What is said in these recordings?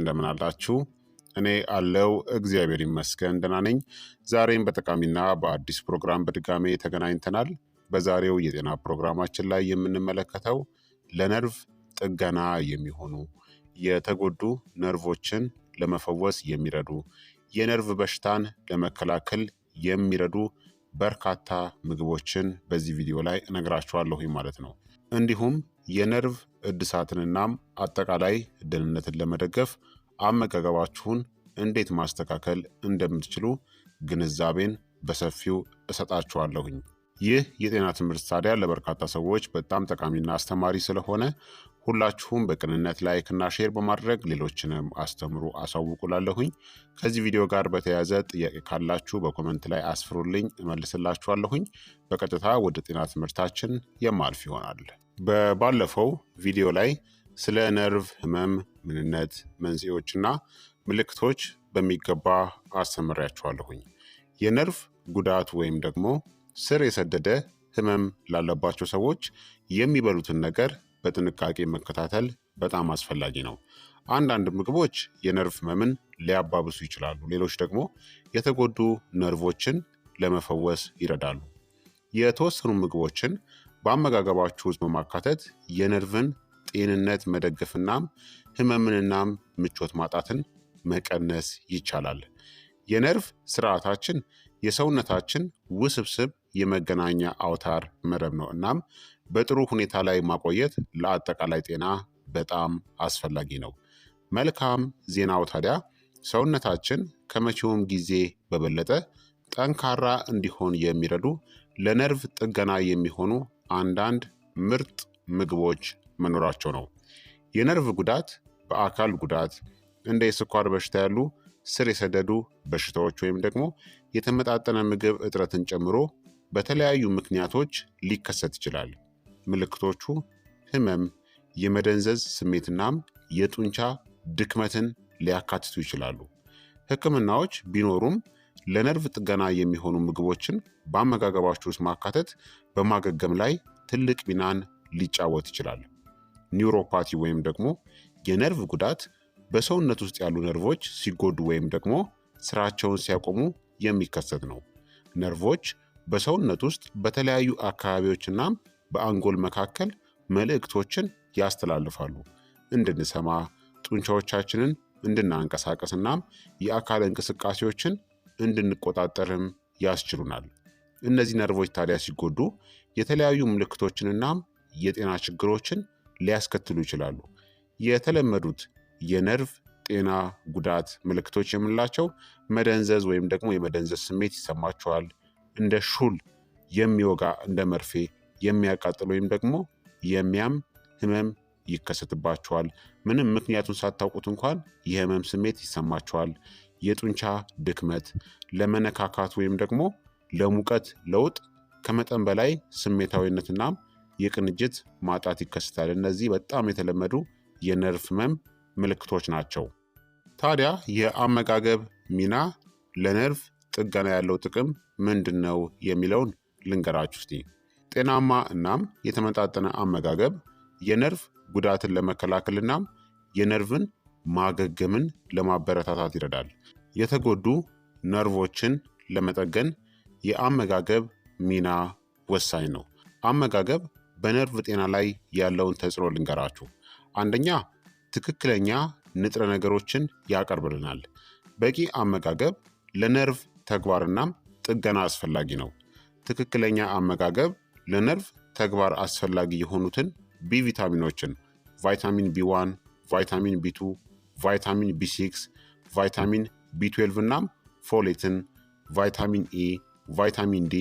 እንደምን አላችሁ? እኔ አለው እግዚአብሔር ይመስገን ደህና ነኝ። ዛሬም በጠቃሚና በአዲስ ፕሮግራም በድጋሜ ተገናኝተናል። በዛሬው የጤና ፕሮግራማችን ላይ የምንመለከተው ለነርቭ ጥገና የሚሆኑ የተጎዱ ነርቮችን ለመፈወስ የሚረዱ የነርቭ በሽታን ለመከላከል የሚረዱ በርካታ ምግቦችን በዚህ ቪዲዮ ላይ እነግራችኋለሁ ማለት ነው። እንዲሁም የነርቭ እድሳትንናም አጠቃላይ ደህንነትን ለመደገፍ አመጋገባችሁን እንዴት ማስተካከል እንደምትችሉ ግንዛቤን በሰፊው እሰጣችኋለሁኝ። ይህ የጤና ትምህርት ታዲያ ለበርካታ ሰዎች በጣም ጠቃሚና አስተማሪ ስለሆነ ሁላችሁም በቅንነት እና ሼር በማድረግ ሌሎችንም አስተምሩ አሳውቁላለሁኝ። ከዚህ ቪዲዮ ጋር በተያያዘ ጥያቄ ካላችሁ በኮመንት ላይ አስፍሩልኝ እመልስላችኋለሁኝ። በቀጥታ ወደ ጤና ትምህርታችን የማልፍ ይሆናል። በባለፈው ቪዲዮ ላይ ስለ ነርቭ ህመም ምንነት፣ መንስኤዎችና ምልክቶች በሚገባ አስተምሬያችኋለሁኝ። የነርቭ ጉዳት ወይም ደግሞ ስር የሰደደ ህመም ላለባቸው ሰዎች የሚበሉትን ነገር በጥንቃቄ መከታተል በጣም አስፈላጊ ነው። አንዳንድ ምግቦች የነርቭ ህመምን ሊያባብሱ ይችላሉ፣ ሌሎች ደግሞ የተጎዱ ነርቮችን ለመፈወስ ይረዳሉ። የተወሰኑ ምግቦችን በአመጋገባችሁ ውስጥ በማካተት የነርቭን ጤንነት መደገፍናም ህመምንናም ምቾት ማጣትን መቀነስ ይቻላል። የነርቭ ስርዓታችን የሰውነታችን ውስብስብ የመገናኛ አውታር መረብ ነው። እናም በጥሩ ሁኔታ ላይ ማቆየት ለአጠቃላይ ጤና በጣም አስፈላጊ ነው። መልካም ዜናው ታዲያ ሰውነታችን ከመቼውም ጊዜ በበለጠ ጠንካራ እንዲሆን የሚረዱ ለነርቭ ጥገና የሚሆኑ አንዳንድ ምርጥ ምግቦች መኖራቸው ነው። የነርቭ ጉዳት በአካል ጉዳት፣ እንደ የስኳር በሽታ ያሉ ስር የሰደዱ በሽታዎች ወይም ደግሞ የተመጣጠነ ምግብ እጥረትን ጨምሮ በተለያዩ ምክንያቶች ሊከሰት ይችላል። ምልክቶቹ ህመም፣ የመደንዘዝ ስሜትናም የጡንቻ ድክመትን ሊያካትቱ ይችላሉ። ህክምናዎች ቢኖሩም ለነርቭ ጥገና የሚሆኑ ምግቦችን በአመጋገባችሁ ውስጥ ማካተት በማገገም ላይ ትልቅ ሚናን ሊጫወት ይችላል። ኒውሮፓቲ ወይም ደግሞ የነርቭ ጉዳት በሰውነት ውስጥ ያሉ ነርቮች ሲጎዱ ወይም ደግሞ ስራቸውን ሲያቆሙ የሚከሰት ነው። ነርቮች በሰውነት ውስጥ በተለያዩ አካባቢዎችና በአንጎል መካከል መልእክቶችን ያስተላልፋሉ። እንድንሰማ፣ ጡንቻዎቻችንን እንድናንቀሳቀስ እናም የአካል እንቅስቃሴዎችን እንድንቆጣጠርም ያስችሉናል። እነዚህ ነርቮች ታዲያ ሲጎዱ የተለያዩ ምልክቶችንና የጤና ችግሮችን ሊያስከትሉ ይችላሉ። የተለመዱት የነርቭ ጤና ጉዳት ምልክቶች የምንላቸው መደንዘዝ ወይም ደግሞ የመደንዘዝ ስሜት ይሰማቸዋል። እንደ ሹል የሚወጋ እንደ መርፌ የሚያቃጥል ወይም ደግሞ የሚያም ህመም ይከሰትባቸዋል። ምንም ምክንያቱን ሳታውቁት እንኳን የህመም ስሜት ይሰማቸዋል። የጡንቻ ድክመት፣ ለመነካካት ወይም ደግሞ ለሙቀት ለውጥ፣ ከመጠን በላይ ስሜታዊነትና የቅንጅት ማጣት ይከሰታል። እነዚህ በጣም የተለመዱ የነርቭ ህመም ምልክቶች ናቸው። ታዲያ የአመጋገብ ሚና ለነርቭ ጥገና ያለው ጥቅም ምንድን ነው የሚለውን ልንገራችሁ እስቲ። ጤናማ እናም የተመጣጠነ አመጋገብ የነርቭ ጉዳትን ለመከላከል እናም የነርቭን ማገገምን ለማበረታታት ይረዳል። የተጎዱ ነርቮችን ለመጠገን የአመጋገብ ሚና ወሳኝ ነው። አመጋገብ በነርቭ ጤና ላይ ያለውን ተጽዕኖ ልንገራችሁ። አንደኛ ትክክለኛ ንጥረ ነገሮችን ያቀርብልናል። በቂ አመጋገብ ለነርቭ ተግባርና ጥገና አስፈላጊ ነው። ትክክለኛ አመጋገብ ለነርቭ ተግባር አስፈላጊ የሆኑትን ቢ ቪታሚኖችን ቫይታሚን ቢ1፣ ቫይታሚን ቢ2፣ ቫይታሚን ቢ6፣ ቫይታሚን ቢ12 እናም ፎሌትን፣ ቫይታሚን ኢ፣ ቫይታሚን ዲ፣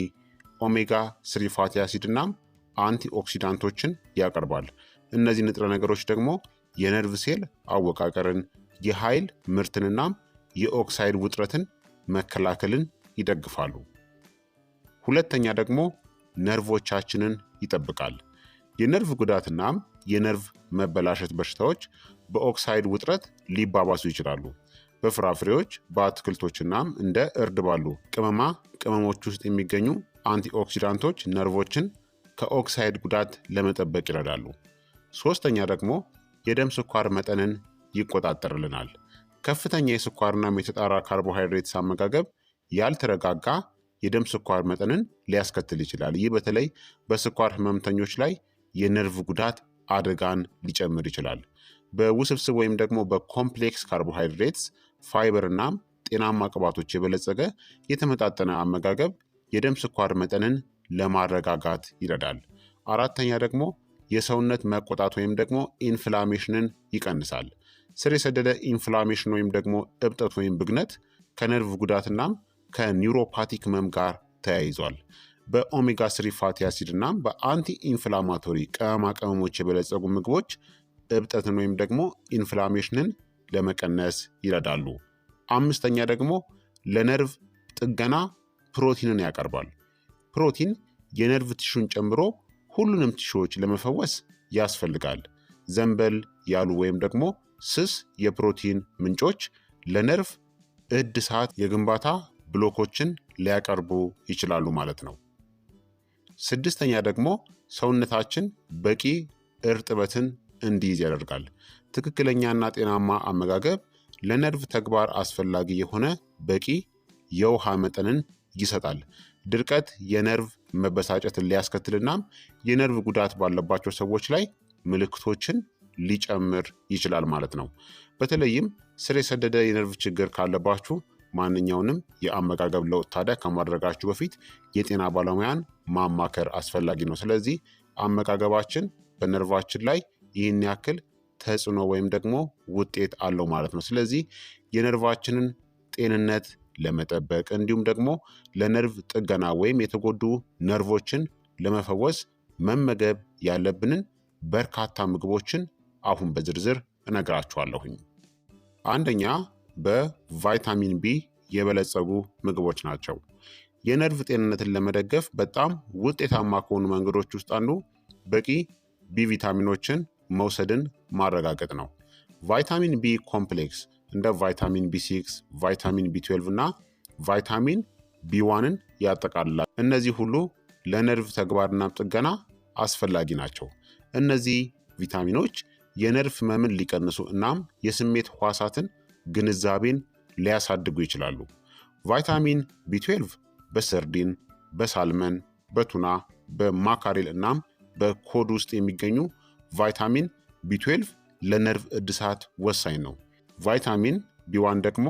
ኦሜጋ ስሪ ፋቲ አሲድ እናም አንቲኦክሲዳንቶችን ያቀርባል። እነዚህ ንጥረ ነገሮች ደግሞ የነርቭ ሴል አወቃቀርን፣ የኃይል ምርትንናም የኦክሳይድ ውጥረትን መከላከልን ይደግፋሉ። ሁለተኛ ደግሞ ነርቮቻችንን ይጠብቃል። የነርቭ ጉዳትናም የነርቭ መበላሸት በሽታዎች በኦክሳይድ ውጥረት ሊባባሱ ይችላሉ። በፍራፍሬዎች በአትክልቶችናም እንደ እርድ ባሉ ቅመማ ቅመሞች ውስጥ የሚገኙ አንቲኦክሲዳንቶች ነርቮችን ከኦክሳይድ ጉዳት ለመጠበቅ ይረዳሉ። ሶስተኛ ደግሞ የደም ስኳር መጠንን ይቆጣጠርልናል። ከፍተኛ የስኳርና የተጣራ ካርቦሃይድሬትስ አመጋገብ ያልተረጋጋ የደም ስኳር መጠንን ሊያስከትል ይችላል። ይህ በተለይ በስኳር ህመምተኞች ላይ የነርቭ ጉዳት አደጋን ሊጨምር ይችላል። በውስብስብ ወይም ደግሞ በኮምፕሌክስ ካርቦሃይድሬትስ፣ ፋይበር እናም ጤናማ ቅባቶች የበለጸገ የተመጣጠነ አመጋገብ የደም ስኳር መጠንን ለማረጋጋት ይረዳል። አራተኛ ደግሞ የሰውነት መቆጣት ወይም ደግሞ ኢንፍላሜሽንን ይቀንሳል። ስር የሰደደ ኢንፍላሜሽን ወይም ደግሞ እብጠት ወይም ብግነት ከነርቭ ጉዳትናም ከኒውሮፓቲክ መም ጋር ተያይዟል። በኦሜጋ ስሪ ፋቲ አሲድ እናም በአንቲ ኢንፍላማቶሪ ቅመማ ቅመሞች የበለጸጉ ምግቦች እብጠትን ወይም ደግሞ ኢንፍላሜሽንን ለመቀነስ ይረዳሉ። አምስተኛ ደግሞ ለነርቭ ጥገና ፕሮቲንን ያቀርባል። ፕሮቲን የነርቭ ትሹን ጨምሮ ሁሉንም ቲሹዎች ለመፈወስ ያስፈልጋል። ዘንበል ያሉ ወይም ደግሞ ስስ የፕሮቲን ምንጮች ለነርቭ እድሳት የግንባታ ብሎኮችን ሊያቀርቡ ይችላሉ ማለት ነው። ስድስተኛ ደግሞ ሰውነታችን በቂ እርጥበትን እንዲይዝ ያደርጋል። ትክክለኛና ጤናማ አመጋገብ ለነርቭ ተግባር አስፈላጊ የሆነ በቂ የውሃ መጠንን ይሰጣል። ድርቀት የነርቭ መበሳጨትን ሊያስከትልናም የነርቭ ጉዳት ባለባቸው ሰዎች ላይ ምልክቶችን ሊጨምር ይችላል ማለት ነው። በተለይም ስር የሰደደ የነርቭ ችግር ካለባችሁ ማንኛውንም የአመጋገብ ለውጥ ታዲያ ከማድረጋችሁ በፊት የጤና ባለሙያን ማማከር አስፈላጊ ነው። ስለዚህ አመጋገባችን በነርቫችን ላይ ይህን ያክል ተጽዕኖ ወይም ደግሞ ውጤት አለው ማለት ነው። ስለዚህ የነርቫችንን ጤንነት ለመጠበቅ እንዲሁም ደግሞ ለነርቭ ጥገና ወይም የተጎዱ ነርቮችን ለመፈወስ መመገብ ያለብንን በርካታ ምግቦችን አሁን በዝርዝር እነግራችኋለሁኝ። አንደኛ በቫይታሚን ቢ የበለጸጉ ምግቦች ናቸው። የነርቭ ጤንነትን ለመደገፍ በጣም ውጤታማ ከሆኑ መንገዶች ውስጥ አንዱ በቂ ቢ ቪታሚኖችን መውሰድን ማረጋገጥ ነው። ቫይታሚን ቢ ኮምፕሌክስ እንደ ቫይታሚን ቢ6፣ ቫይታሚን ቢ12 እና ቫይታሚን ቢዋንን ያጠቃልላል። እነዚህ ሁሉ ለነርቭ ተግባርና ጥገና አስፈላጊ ናቸው። እነዚህ ቪታሚኖች የነርፍ ህመምን ሊቀንሱ እናም የስሜት ህዋሳትን ግንዛቤን ሊያሳድጉ ይችላሉ። ቫይታሚን ቢ12 በሰርዲን፣ በሳልመን፣ በቱና፣ በማካሬል እናም በኮድ ውስጥ የሚገኙ ቫይታሚን ቢ12 ለነርቭ እድሳት ወሳኝ ነው። ቫይታሚን ቢዋን 1 ደግሞ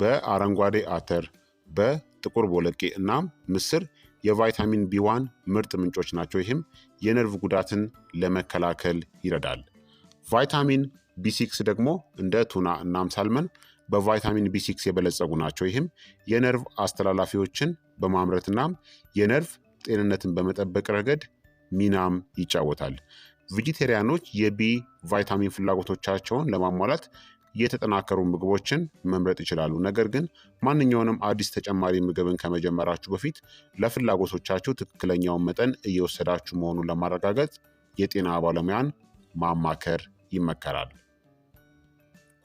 በአረንጓዴ አተር፣ በጥቁር ቦለቄ እናም ምስር የቫይታሚን ቢዋን 1 ምርጥ ምንጮች ናቸው። ይህም የነርቭ ጉዳትን ለመከላከል ይረዳል። ቫይታሚን ቢሲክስ ደግሞ እንደ ቱና እናም ሳልመን በቫይታሚን ቢሲክስ የበለጸጉ ናቸው። ይህም የነርቭ አስተላላፊዎችን በማምረትና የነርቭ ጤንነትን በመጠበቅ ረገድ ሚናም ይጫወታል። ቪጂቴሪያኖች የቢ ቫይታሚን ፍላጎቶቻቸውን ለማሟላት የተጠናከሩ ምግቦችን መምረጥ ይችላሉ። ነገር ግን ማንኛውንም አዲስ ተጨማሪ ምግብን ከመጀመራችሁ በፊት ለፍላጎቶቻችሁ ትክክለኛውን መጠን እየወሰዳችሁ መሆኑን ለማረጋገጥ የጤና ባለሙያን ማማከር ይመከራል።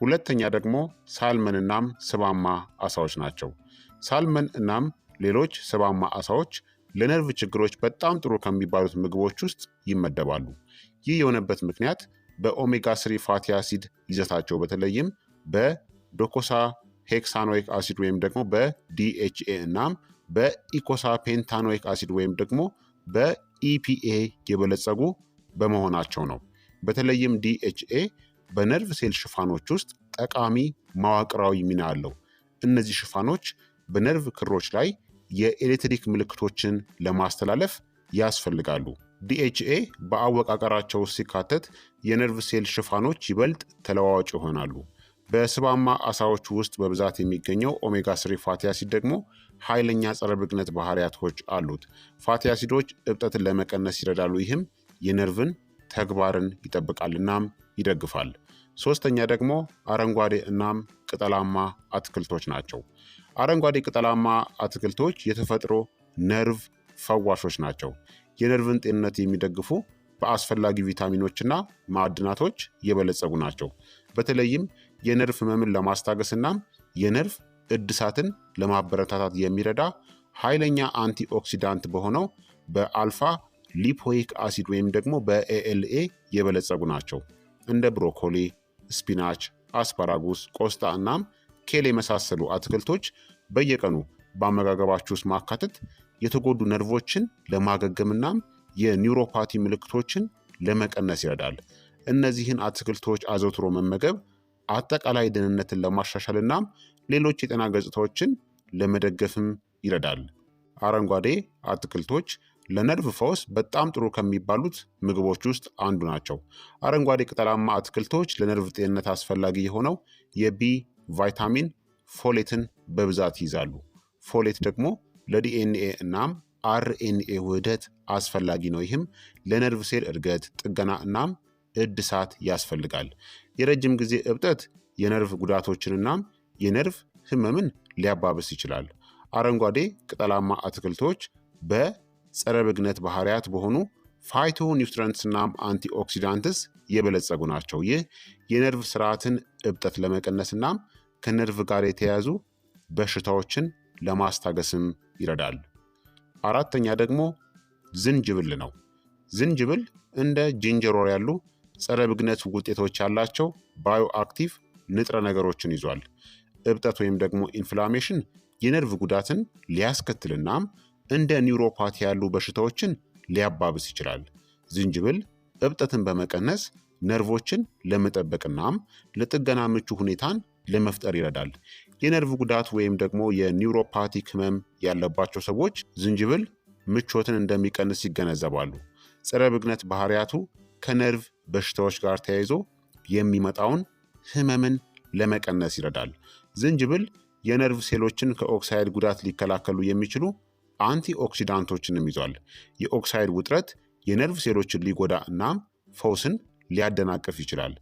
ሁለተኛ ደግሞ ሳልመን እናም ስባማ አሳዎች ናቸው። ሳልመን እናም ሌሎች ስባማ አሳዎች ለነርቭ ችግሮች በጣም ጥሩ ከሚባሉት ምግቦች ውስጥ ይመደባሉ። ይህ የሆነበት ምክንያት በኦሜጋ ስሪ ፋቲ አሲድ ይዘታቸው በተለይም በዶኮሳ ሄክሳኖይክ አሲድ ወይም ደግሞ በዲኤችኤ እናም በኢኮሳ ፔንታኖይክ አሲድ ወይም ደግሞ በኢፒኤ የበለጸጉ በመሆናቸው ነው። በተለይም ዲኤችኤ በነርቭ ሴል ሽፋኖች ውስጥ ጠቃሚ መዋቅራዊ ሚና አለው። እነዚህ ሽፋኖች በነርቭ ክሮች ላይ የኤሌክትሪክ ምልክቶችን ለማስተላለፍ ያስፈልጋሉ። ዲኤችኤ በአወቃቀራቸው ሲካተት የነርቭ ሴል ሽፋኖች ይበልጥ ተለዋዋጭ ይሆናሉ። በስባማ አሳዎች ውስጥ በብዛት የሚገኘው ኦሜጋ ስሪ ፋቲ አሲድ ደግሞ ኃይለኛ ጸረ ብግነት ባህሪያቶች አሉት። ፋቲ አሲዶች እብጠትን ለመቀነስ ይረዳሉ። ይህም የነርቭን ተግባርን ይጠብቃልና ይደግፋል። ሶስተኛ ደግሞ አረንጓዴ እናም ቅጠላማ አትክልቶች ናቸው። አረንጓዴ ቅጠላማ አትክልቶች የተፈጥሮ ነርቭ ፈዋሾች ናቸው። የነርቭን ጤንነት የሚደግፉ በአስፈላጊ ቪታሚኖችና ማዕድናቶች የበለጸጉ ናቸው። በተለይም የነርቭ ህመምን ለማስታገስ እናም የነርቭ እድሳትን ለማበረታታት የሚረዳ ኃይለኛ አንቲ ኦክሲዳንት በሆነው በአልፋ ሊፖይክ አሲድ ወይም ደግሞ በኤኤልኤ የበለጸጉ ናቸው። እንደ ብሮኮሊ፣ ስፒናች፣ አስፓራጉስ፣ ቆስጣ እናም ኬል የመሳሰሉ አትክልቶች በየቀኑ በአመጋገባችሁ ውስጥ ማካተት የተጎዱ ነርቮችን ለማገገምናም የኒውሮፓቲ ምልክቶችን ለመቀነስ ይረዳል። እነዚህን አትክልቶች አዘውትሮ መመገብ አጠቃላይ ደህንነትን ለማሻሻል እናም ሌሎች የጤና ገጽታዎችን ለመደገፍም ይረዳል። አረንጓዴ አትክልቶች ለነርቭ ፈውስ በጣም ጥሩ ከሚባሉት ምግቦች ውስጥ አንዱ ናቸው። አረንጓዴ ቅጠላማ አትክልቶች ለነርቭ ጤንነት አስፈላጊ የሆነው የቢ ቫይታሚን ፎሌትን በብዛት ይይዛሉ። ፎሌት ደግሞ ለዲኤንኤ እናም አርኤንኤ ውህደት አስፈላጊ ነው። ይህም ለነርቭ ሴል እድገት፣ ጥገና እናም እድሳት ያስፈልጋል። የረጅም ጊዜ እብጠት የነርቭ ጉዳቶችን እናም የነርቭ ህመምን ሊያባብስ ይችላል። አረንጓዴ ቅጠላማ አትክልቶች በ ጸረ ብግነት ባህሪያት በሆኑ ፋይቶ ኒውትረንትስና አንቲኦክሲዳንትስ የበለጸጉ ናቸው። ይህ የነርቭ ስርዓትን እብጠት ለመቀነስናም ከነርቭ ጋር የተያያዙ በሽታዎችን ለማስታገስም ይረዳል። አራተኛ ደግሞ ዝንጅብል ነው። ዝንጅብል እንደ ጅንጀሮር ያሉ ጸረ ብግነት ውጤቶች ያላቸው ባዮ አክቲቭ ንጥረ ነገሮችን ይዟል። እብጠት ወይም ደግሞ ኢንፍላሜሽን የነርቭ ጉዳትን ሊያስከትልናም እንደ ኒውሮፓቲ ያሉ በሽታዎችን ሊያባብስ ይችላል። ዝንጅብል እብጠትን በመቀነስ ነርቮችን ለመጠበቅናም ለጥገና ምቹ ሁኔታን ለመፍጠር ይረዳል። የነርቭ ጉዳት ወይም ደግሞ የኒውሮፓቲክ ህመም ያለባቸው ሰዎች ዝንጅብል ምቾትን እንደሚቀንስ ይገነዘባሉ። ጸረ ብግነት ባህሪያቱ ከነርቭ በሽታዎች ጋር ተያይዞ የሚመጣውን ህመምን ለመቀነስ ይረዳል። ዝንጅብል የነርቭ ሴሎችን ከኦክሳይድ ጉዳት ሊከላከሉ የሚችሉ አንቲ ኦክሲዳንቶችንም ይዟል። የኦክሳይድ ውጥረት የነርቭ ሴሎችን ሊጎዳ እና ፈውስን ሊያደናቅፍ ይችላል።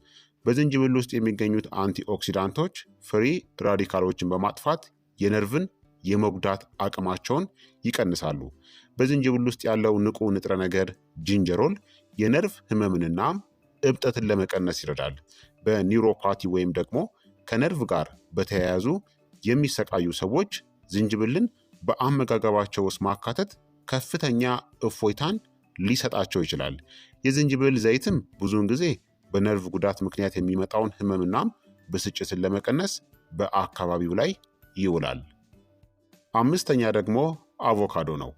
በዝንጅብል ውስጥ የሚገኙት አንቲ ኦክሲዳንቶች ፍሪ ራዲካሎችን በማጥፋት የነርቭን የመጉዳት አቅማቸውን ይቀንሳሉ። በዝንጅብል ውስጥ ያለው ንቁ ንጥረ ነገር ጅንጀሮል የነርቭ ህመምንና እብጠትን ለመቀነስ ይረዳል። በኒውሮፓቲ ወይም ደግሞ ከነርቭ ጋር በተያያዙ የሚሰቃዩ ሰዎች ዝንጅብልን በአመጋገባቸው ውስጥ ማካተት ከፍተኛ እፎይታን ሊሰጣቸው ይችላል። የዝንጅብል ዘይትም ብዙውን ጊዜ በነርቭ ጉዳት ምክንያት የሚመጣውን ህመምናም ብስጭትን ለመቀነስ በአካባቢው ላይ ይውላል። አምስተኛ ደግሞ አቮካዶ ነው።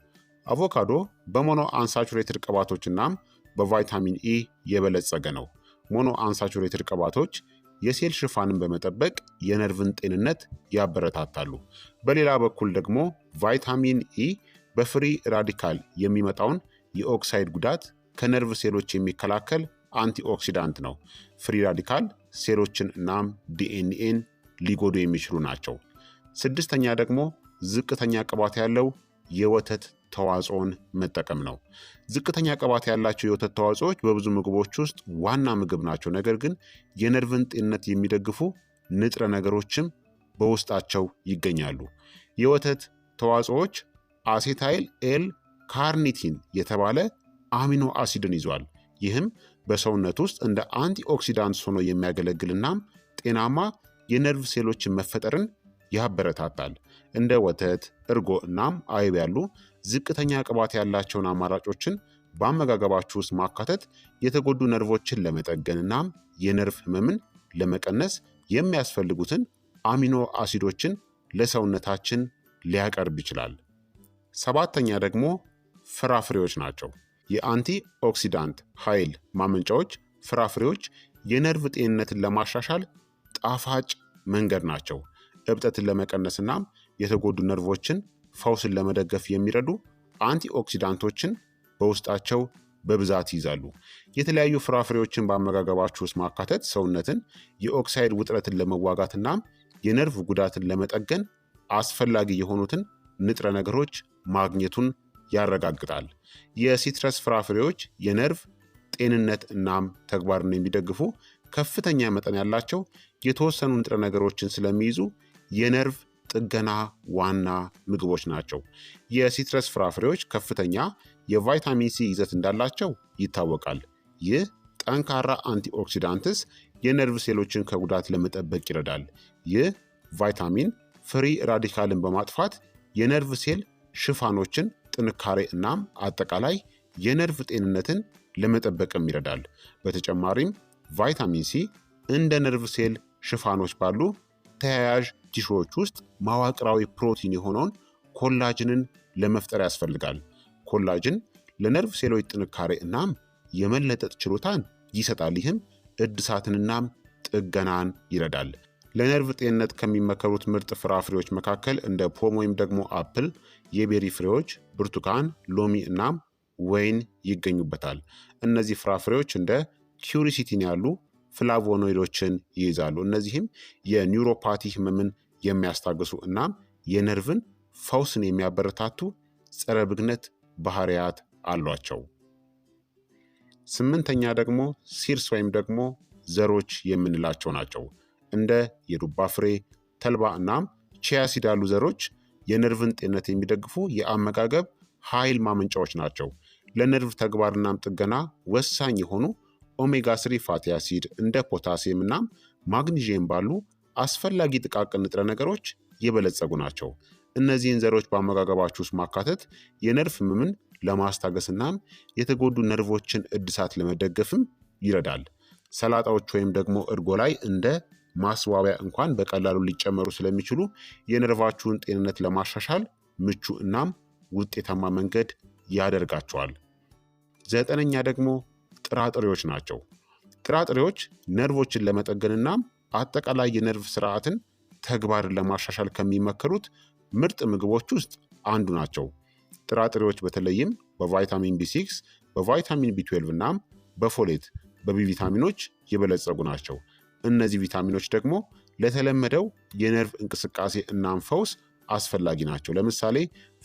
አቮካዶ በሞኖ አንሳቹሬትድ ቅባቶችናም በቫይታሚን ኢ የበለጸገ ነው። ሞኖ አንሳቹሬትድ ቅባቶች የሴል ሽፋንን በመጠበቅ የነርቭን ጤንነት ያበረታታሉ። በሌላ በኩል ደግሞ ቫይታሚን ኢ e በፍሪ ራዲካል የሚመጣውን የኦክሳይድ ጉዳት ከነርቭ ሴሎች የሚከላከል አንቲኦክሲዳንት ነው። ፍሪ ራዲካል ሴሎችን እናም ዲኤንኤን ሊጎዱ የሚችሉ ናቸው። ስድስተኛ ደግሞ ዝቅተኛ ቅባት ያለው የወተት ተዋጽኦን መጠቀም ነው። ዝቅተኛ ቅባት ያላቸው የወተት ተዋጽኦዎች በብዙ ምግቦች ውስጥ ዋና ምግብ ናቸው። ነገር ግን የነርቭን ጤንነት የሚደግፉ ንጥረ ነገሮችም በውስጣቸው ይገኛሉ። የወተት ተዋጽኦዎች አሴታይል ኤል ካርኒቲን የተባለ አሚኖ አሲድን ይዟል። ይህም በሰውነት ውስጥ እንደ አንቲኦክሲዳንት ሆኖ የሚያገለግልናም ጤናማ የነርቭ ሴሎችን መፈጠርን ያበረታታል። እንደ ወተት፣ እርጎ እናም አይብ ያሉ ዝቅተኛ ቅባት ያላቸውን አማራጮችን በአመጋገባችሁ ውስጥ ማካተት የተጎዱ ነርቮችን ለመጠገንና የነርቭ ህመምን ለመቀነስ የሚያስፈልጉትን አሚኖ አሲዶችን ለሰውነታችን ሊያቀርብ ይችላል። ሰባተኛ ደግሞ ፍራፍሬዎች ናቸው። የአንቲ ኦክሲዳንት ኃይል ማመንጫዎች ፍራፍሬዎች የነርቭ ጤንነትን ለማሻሻል ጣፋጭ መንገድ ናቸው። እብጠትን ለመቀነስና የተጎዱ ነርቮችን ፈውስን ለመደገፍ የሚረዱ አንቲኦክሲዳንቶችን በውስጣቸው በብዛት ይይዛሉ። የተለያዩ ፍራፍሬዎችን በአመጋገባችሁ ውስጥ ማካተት ሰውነትን የኦክሳይድ ውጥረትን ለመዋጋት እናም የነርቭ ጉዳትን ለመጠገን አስፈላጊ የሆኑትን ንጥረ ነገሮች ማግኘቱን ያረጋግጣል። የሲትረስ ፍራፍሬዎች የነርቭ ጤንነት እናም ተግባርን የሚደግፉ ከፍተኛ መጠን ያላቸው የተወሰኑ ንጥረ ነገሮችን ስለሚይዙ የነርቭ ጥገና ዋና ምግቦች ናቸው። የሲትረስ ፍራፍሬዎች ከፍተኛ የቫይታሚን ሲ ይዘት እንዳላቸው ይታወቃል። ይህ ጠንካራ አንቲኦክሲዳንትስ የነርቭ ሴሎችን ከጉዳት ለመጠበቅ ይረዳል። ይህ ቫይታሚን ፍሪ ራዲካልን በማጥፋት የነርቭ ሴል ሽፋኖችን ጥንካሬ እናም አጠቃላይ የነርቭ ጤንነትን ለመጠበቅም ይረዳል። በተጨማሪም ቫይታሚን ሲ እንደ ነርቭ ሴል ሽፋኖች ባሉ ተያያዥ ቲሾዎች ውስጥ መዋቅራዊ ፕሮቲን የሆነውን ኮላጅንን ለመፍጠር ያስፈልጋል። ኮላጅን ለነርቭ ሴሎች ጥንካሬ እናም የመለጠጥ ችሎታን ይሰጣል። ይህም እድሳትንናም ጥገናን ይረዳል። ለነርቭ ጤንነት ከሚመከሩት ምርጥ ፍራፍሬዎች መካከል እንደ ፖም ወይም ደግሞ አፕል፣ የቤሪ ፍሬዎች፣ ብርቱካን፣ ሎሚ እናም ወይን ይገኙበታል። እነዚህ ፍራፍሬዎች እንደ ኪሪሲቲን ያሉ ፍላቮኖይዶችን ይይዛሉ። እነዚህም የኒውሮፓቲ ህመምን የሚያስታግሱ እናም የነርቭን ፈውስን የሚያበረታቱ ጸረ ብግነት ባህሪያት አሏቸው። ስምንተኛ ደግሞ ሲርስ ወይም ደግሞ ዘሮች የምንላቸው ናቸው። እንደ የዱባ ፍሬ፣ ተልባ እናም ቺያሲድ ያሉ ዘሮች የነርቭን ጤንነት የሚደግፉ የአመጋገብ ኃይል ማመንጫዎች ናቸው። ለነርቭ ተግባርናም ጥገና ወሳኝ የሆኑ ኦሜጋ ስሪ ፋቲ አሲድ እንደ ፖታሲየም እናም ማግኒዥየም ባሉ አስፈላጊ ጥቃቅን ንጥረ ነገሮች የበለጸጉ ናቸው። እነዚህን ዘሮች በአመጋገባችሁ ውስጥ ማካተት የነርቭ ህመምን ለማስታገስ የተጎዱ ነርቮችን እድሳት ለመደገፍም ይረዳል። ሰላጣዎች ወይም ደግሞ እርጎ ላይ እንደ ማስዋቢያ እንኳን በቀላሉ ሊጨመሩ ስለሚችሉ የነርቫችሁን ጤንነት ለማሻሻል ምቹ እናም ውጤታማ መንገድ ያደርጋቸዋል። ዘጠነኛ ደግሞ ጥራጥሬዎች ናቸው። ጥራጥሬዎች ነርቮችን ለመጠገን አጠቃላይ የነርቭ ስርዓትን ተግባርን ለማሻሻል ከሚመከሩት ምርጥ ምግቦች ውስጥ አንዱ ናቸው። ጥራጥሬዎች በተለይም በቫይታሚን ቢ6፣ በቫይታሚን ቢ12 እናም በፎሌት በቢ ቪታሚኖች የበለጸጉ ናቸው። እነዚህ ቪታሚኖች ደግሞ ለተለመደው የነርቭ እንቅስቃሴ እናም ፈውስ አስፈላጊ ናቸው። ለምሳሌ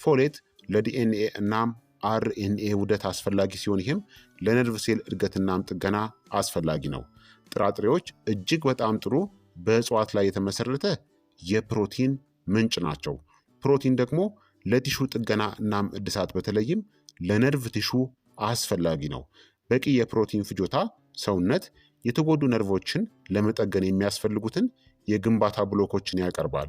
ፎሌት ለዲኤንኤ እናም አርኤንኤ ውደት አስፈላጊ ሲሆን ይህም ለነርቭ ሴል እድገትናም ጥገና አስፈላጊ ነው። ጥራጥሬዎች እጅግ በጣም ጥሩ በእጽዋት ላይ የተመሰረተ የፕሮቲን ምንጭ ናቸው። ፕሮቲን ደግሞ ለቲሹ ጥገና እናም እድሳት በተለይም ለነርቭ ቲሹ አስፈላጊ ነው። በቂ የፕሮቲን ፍጆታ ሰውነት የተጎዱ ነርቮችን ለመጠገን የሚያስፈልጉትን የግንባታ ብሎኮችን ያቀርባል።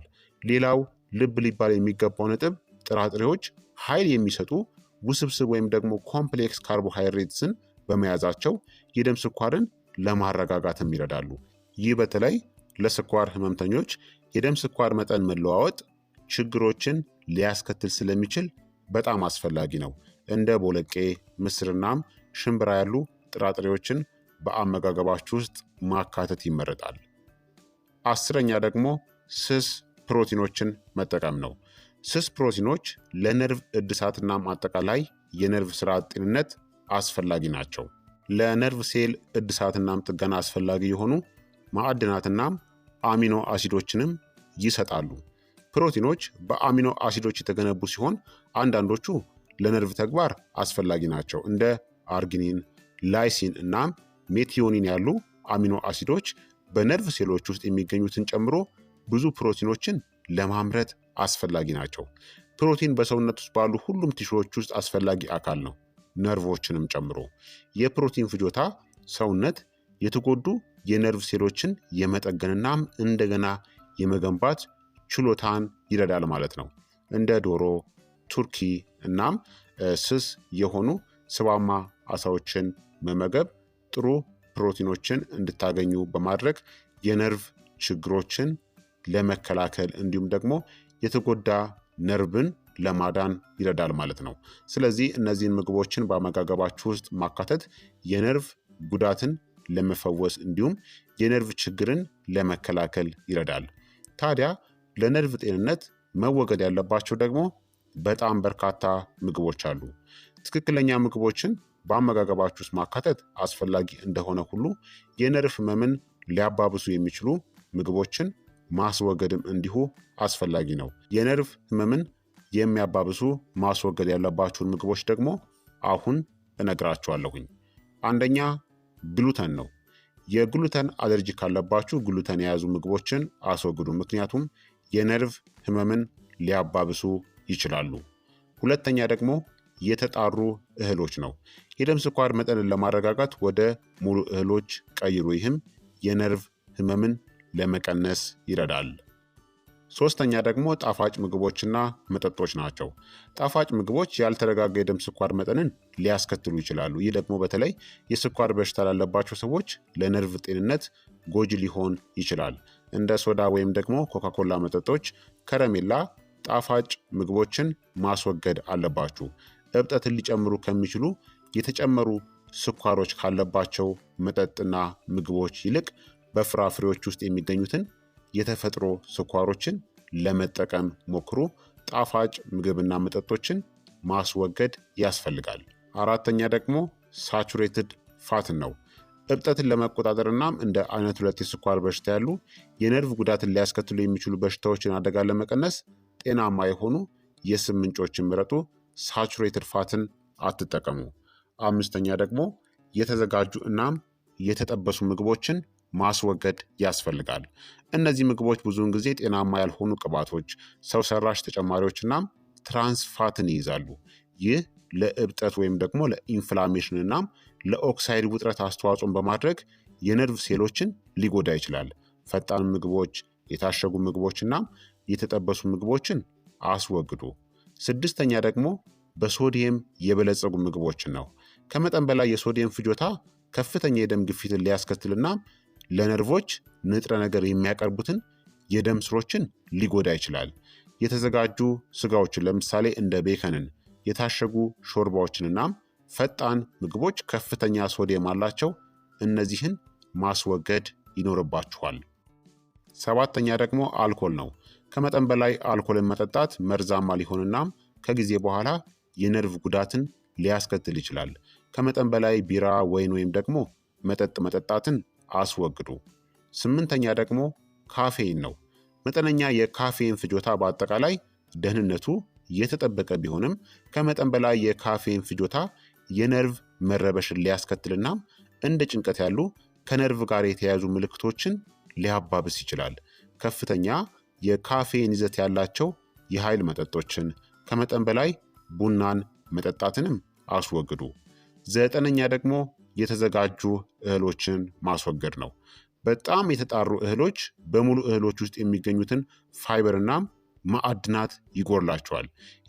ሌላው ልብ ሊባል የሚገባው ነጥብ ጥራጥሬዎች ኃይል የሚሰጡ ውስብስብ ወይም ደግሞ ኮምፕሌክስ ካርቦሃይድሬትስን በመያዛቸው የደም ስኳርን ለማረጋጋትም ይረዳሉ። ይህ በተለይ ለስኳር ህመምተኞች የደም ስኳር መጠን መለዋወጥ ችግሮችን ሊያስከትል ስለሚችል በጣም አስፈላጊ ነው። እንደ ቦለቄ ምስርናም ሽምብራ ያሉ ጥራጥሬዎችን በአመጋገባችሁ ውስጥ ማካተት ይመረጣል። አስረኛ ደግሞ ስስ ፕሮቲኖችን መጠቀም ነው። ስስ ፕሮቲኖች ለነርቭ እድሳትናም አጠቃላይ የነርቭ ስርዓት ጤንነት አስፈላጊ ናቸው። ለነርቭ ሴል እድሳትናም ጥገና አስፈላጊ የሆኑ ማዕድናትናም አሚኖ አሲዶችንም ይሰጣሉ። ፕሮቲኖች በአሚኖ አሲዶች የተገነቡ ሲሆን አንዳንዶቹ ለነርቭ ተግባር አስፈላጊ ናቸው። እንደ አርጊኒን፣ ላይሲን እናም ሜቲዮኒን ያሉ አሚኖ አሲዶች በነርቭ ሴሎች ውስጥ የሚገኙትን ጨምሮ ብዙ ፕሮቲኖችን ለማምረት አስፈላጊ ናቸው። ፕሮቲን በሰውነት ውስጥ ባሉ ሁሉም ቲሾዎች ውስጥ አስፈላጊ አካል ነው። ነርቮችንም ጨምሮ። የፕሮቲን ፍጆታ ሰውነት የተጎዱ የነርቭ ሴሎችን የመጠገንናም እንደገና የመገንባት ችሎታን ይረዳል ማለት ነው። እንደ ዶሮ፣ ቱርኪ እናም ስስ የሆኑ ስባማ አሳዎችን መመገብ ጥሩ ፕሮቲኖችን እንድታገኙ በማድረግ የነርቭ ችግሮችን ለመከላከል እንዲሁም ደግሞ የተጎዳ ነርቭን ለማዳን ይረዳል ማለት ነው። ስለዚህ እነዚህን ምግቦችን በአመጋገባችሁ ውስጥ ማካተት የነርቭ ጉዳትን ለመፈወስ እንዲሁም የነርቭ ችግርን ለመከላከል ይረዳል። ታዲያ ለነርቭ ጤንነት መወገድ ያለባቸው ደግሞ በጣም በርካታ ምግቦች አሉ። ትክክለኛ ምግቦችን በአመጋገባችሁ ውስጥ ማካተት አስፈላጊ እንደሆነ ሁሉ የነርቭ ህመምን ሊያባብሱ የሚችሉ ምግቦችን ማስወገድም እንዲሁ አስፈላጊ ነው። የነርቭ ህመምን የሚያባብሱ ማስወገድ ያለባችሁን ምግቦች ደግሞ አሁን እነግራችኋለሁኝ። አንደኛ ግሉተን ነው። የግሉተን አለርጂ ካለባችሁ ግሉተን የያዙ ምግቦችን አስወግዱ፣ ምክንያቱም የነርቭ ህመምን ሊያባብሱ ይችላሉ። ሁለተኛ ደግሞ የተጣሩ እህሎች ነው። የደም ስኳር መጠንን ለማረጋጋት ወደ ሙሉ እህሎች ቀይሩ። ይህም የነርቭ ህመምን ለመቀነስ ይረዳል። ሶስተኛ ደግሞ ጣፋጭ ምግቦችና መጠጦች ናቸው። ጣፋጭ ምግቦች ያልተረጋጋ የደም ስኳር መጠንን ሊያስከትሉ ይችላሉ። ይህ ደግሞ በተለይ የስኳር በሽታ ላለባቸው ሰዎች ለነርቭ ጤንነት ጎጂ ሊሆን ይችላል። እንደ ሶዳ ወይም ደግሞ ኮካኮላ መጠጦች፣ ከረሜላ ጣፋጭ ምግቦችን ማስወገድ አለባችሁ። እብጠትን ሊጨምሩ ከሚችሉ የተጨመሩ ስኳሮች ካለባቸው መጠጥና ምግቦች ይልቅ በፍራፍሬዎች ውስጥ የሚገኙትን የተፈጥሮ ስኳሮችን ለመጠቀም ሞክሩ። ጣፋጭ ምግብና መጠጦችን ማስወገድ ያስፈልጋል። አራተኛ ደግሞ ሳቹሬትድ ፋትን ነው። እብጠትን ለመቆጣጠር እናም እንደ አይነት ሁለት የስኳር በሽታ ያሉ የነርቭ ጉዳትን ሊያስከትሉ የሚችሉ በሽታዎችን አደጋ ለመቀነስ ጤናማ የሆኑ የስብ ምንጮችን ምረጡ። ሳቹሬትድ ፋትን አትጠቀሙ። አምስተኛ ደግሞ የተዘጋጁ እናም የተጠበሱ ምግቦችን ማስወገድ ያስፈልጋል። እነዚህ ምግቦች ብዙውን ጊዜ ጤናማ ያልሆኑ ቅባቶች፣ ሰው ሰራሽ ተጨማሪዎችና ትራንስፋትን ይይዛሉ። ይህ ለእብጠት ወይም ደግሞ ለኢንፍላሜሽን እናም ለኦክሳይድ ውጥረት አስተዋጽኦን በማድረግ የነርቭ ሴሎችን ሊጎዳ ይችላል። ፈጣን ምግቦች፣ የታሸጉ ምግቦች የተጠበሱ ምግቦችን አስወግዱ። ስድስተኛ ደግሞ በሶዲየም የበለጸጉ ምግቦችን ነው። ከመጠን በላይ የሶዲየም ፍጆታ ከፍተኛ የደም ግፊትን ሊያስከትልና ለነርቮች ንጥረ ነገር የሚያቀርቡትን የደም ስሮችን ሊጎዳ ይችላል። የተዘጋጁ ስጋዎችን ለምሳሌ እንደ ቤከንን፣ የታሸጉ ሾርባዎችንና ፈጣን ምግቦች ከፍተኛ ሶዲየም አላቸው። እነዚህን ማስወገድ ይኖርባችኋል። ሰባተኛ ደግሞ አልኮል ነው። ከመጠን በላይ አልኮልን መጠጣት መርዛማ ሊሆንና ከጊዜ በኋላ የነርቭ ጉዳትን ሊያስከትል ይችላል። ከመጠን በላይ ቢራ፣ ወይን ወይም ደግሞ መጠጥ መጠጣትን አስወግዱ። ስምንተኛ ደግሞ ካፌን ነው። መጠነኛ የካፌን ፍጆታ በአጠቃላይ ደህንነቱ የተጠበቀ ቢሆንም ከመጠን በላይ የካፌን ፍጆታ የነርቭ መረበሽን ሊያስከትልና እንደ ጭንቀት ያሉ ከነርቭ ጋር የተያያዙ ምልክቶችን ሊያባብስ ይችላል። ከፍተኛ የካፌን ይዘት ያላቸው የኃይል መጠጦችን፣ ከመጠን በላይ ቡናን መጠጣትንም አስወግዱ። ዘጠነኛ ደግሞ የተዘጋጁ እህሎችን ማስወገድ ነው። በጣም የተጣሩ እህሎች በሙሉ እህሎች ውስጥ የሚገኙትን ና ማዕድናት ይጎርላቸዋል።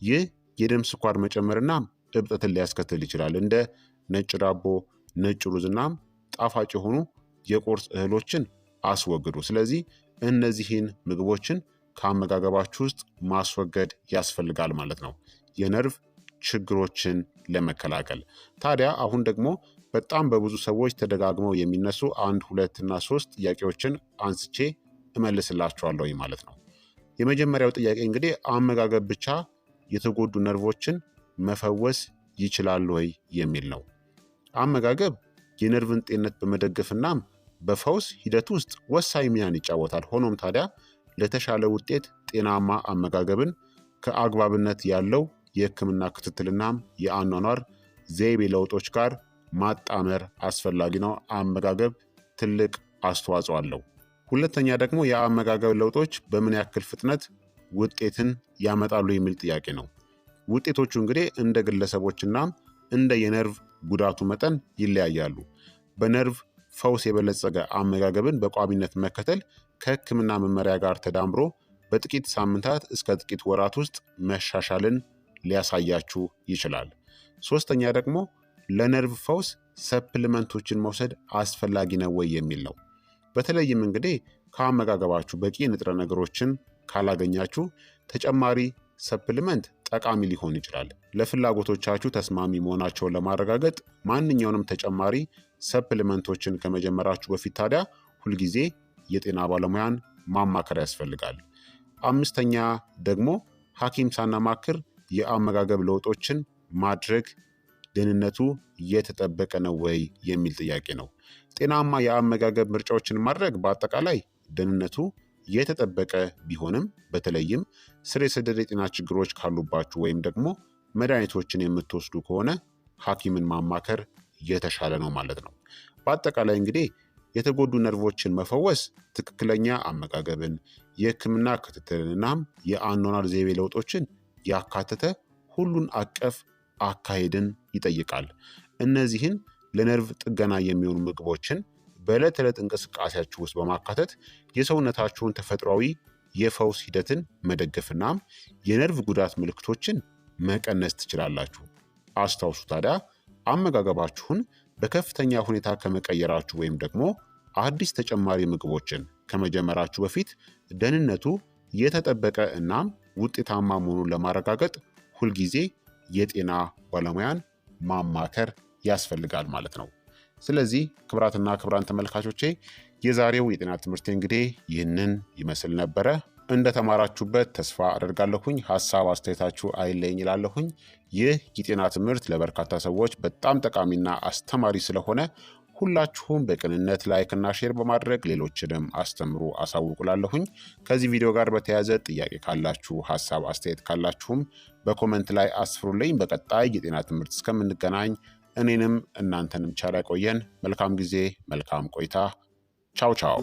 ይህ የደም ስኳር መጨመርና እብጠትን ሊያስከትል ይችላል። እንደ ነጭ ዳቦ፣ ነጭ ሩዝናም ጣፋጭ የሆኑ የቁርስ እህሎችን አስወግዱ። ስለዚህ እነዚህን ምግቦችን ከአመጋገባችሁ ውስጥ ማስወገድ ያስፈልጋል ማለት ነው የነርቭ ችግሮችን ለመከላከል። ታዲያ አሁን ደግሞ በጣም በብዙ ሰዎች ተደጋግመው የሚነሱ አንድ ሁለት እና ሶስት ጥያቄዎችን አንስቼ እመልስላችኋለሁ ማለት ነው። የመጀመሪያው ጥያቄ እንግዲህ አመጋገብ ብቻ የተጎዱ ነርቮችን መፈወስ ይችላል ወይ የሚል ነው። አመጋገብ የነርቭን ጤንነት በመደገፍናም በፈውስ ሂደት ውስጥ ወሳኝ ሚናን ይጫወታል። ሆኖም ታዲያ ለተሻለ ውጤት ጤናማ አመጋገብን ከአግባብነት ያለው የሕክምና ክትትልናም የአኗኗር ዘይቤ ለውጦች ጋር ማጣመር አስፈላጊ ነው። አመጋገብ ትልቅ አስተዋጽኦ አለው። ሁለተኛ ደግሞ የአመጋገብ ለውጦች በምን ያክል ፍጥነት ውጤትን ያመጣሉ የሚል ጥያቄ ነው። ውጤቶቹ እንግዲህ እንደ ግለሰቦችና እንደ የነርቭ ጉዳቱ መጠን ይለያያሉ። በነርቭ ፈውስ የበለጸገ አመጋገብን በቋሚነት መከተል ከሕክምና መመሪያ ጋር ተዳምሮ በጥቂት ሳምንታት እስከ ጥቂት ወራት ውስጥ መሻሻልን ሊያሳያችሁ ይችላል። ሶስተኛ ደግሞ ለነርቭ ፈውስ ሰፕሊመንቶችን መውሰድ አስፈላጊ ነው ወይ የሚል ነው። በተለይም እንግዲህ ከአመጋገባችሁ በቂ ንጥረ ነገሮችን ካላገኛችሁ ተጨማሪ ሰፕሊመንት ጠቃሚ ሊሆን ይችላል። ለፍላጎቶቻችሁ ተስማሚ መሆናቸውን ለማረጋገጥ ማንኛውንም ተጨማሪ ሰፕሊመንቶችን ከመጀመራችሁ በፊት ታዲያ ሁልጊዜ የጤና ባለሙያን ማማከር ያስፈልጋል። አምስተኛ ደግሞ ሐኪም ሳናማክር የአመጋገብ ለውጦችን ማድረግ ደህንነቱ እየተጠበቀ ነው ወይ የሚል ጥያቄ ነው። ጤናማ የአመጋገብ ምርጫዎችን ማድረግ በአጠቃላይ ደህንነቱ የተጠበቀ ቢሆንም በተለይም ስር የሰደደ የጤና ችግሮች ካሉባችሁ ወይም ደግሞ መድኃኒቶችን የምትወስዱ ከሆነ ሐኪምን ማማከር የተሻለ ነው ማለት ነው። በአጠቃላይ እንግዲህ የተጎዱ ነርቮችን መፈወስ ትክክለኛ አመጋገብን፣ የህክምና ክትትልን እናም የአኗኗር ዘይቤ ለውጦችን ያካተተ ሁሉን አቀፍ አካሄድን ይጠይቃል። እነዚህን ለነርቭ ጥገና የሚሆኑ ምግቦችን በዕለት ተዕለት እንቅስቃሴያችሁ ውስጥ በማካተት የሰውነታችሁን ተፈጥሯዊ የፈውስ ሂደትን መደገፍናም የነርቭ ጉዳት ምልክቶችን መቀነስ ትችላላችሁ። አስታውሱ ታዲያ አመጋገባችሁን በከፍተኛ ሁኔታ ከመቀየራችሁ ወይም ደግሞ አዲስ ተጨማሪ ምግቦችን ከመጀመራችሁ በፊት ደህንነቱ የተጠበቀ እናም ውጤታማ መሆኑን ለማረጋገጥ ሁልጊዜ የጤና ባለሙያን ማማከር ያስፈልጋል ማለት ነው። ስለዚህ ክብራትና ክብራን ተመልካቾቼ የዛሬው የጤና ትምህርት እንግዲህ ይህንን ይመስል ነበረ። እንደተማራችሁበት ተስፋ አደርጋለሁኝ። ሀሳብ አስተያየታችሁ አይለኝ ይላለሁኝ። ይህ የጤና ትምህርት ለበርካታ ሰዎች በጣም ጠቃሚና አስተማሪ ስለሆነ ሁላችሁም በቅንነት ላይክና ሼር በማድረግ ሌሎችንም አስተምሩ አሳውቁላለሁኝ። ከዚህ ቪዲዮ ጋር በተያያዘ ጥያቄ ካላችሁ፣ ሀሳብ አስተያየት ካላችሁም በኮመንት ላይ አስፍሩልኝ። በቀጣይ የጤና ትምህርት እስከምንገናኝ እኔንም እናንተንም ቻላ ቆየን። መልካም ጊዜ፣ መልካም ቆይታ። ቻው ቻው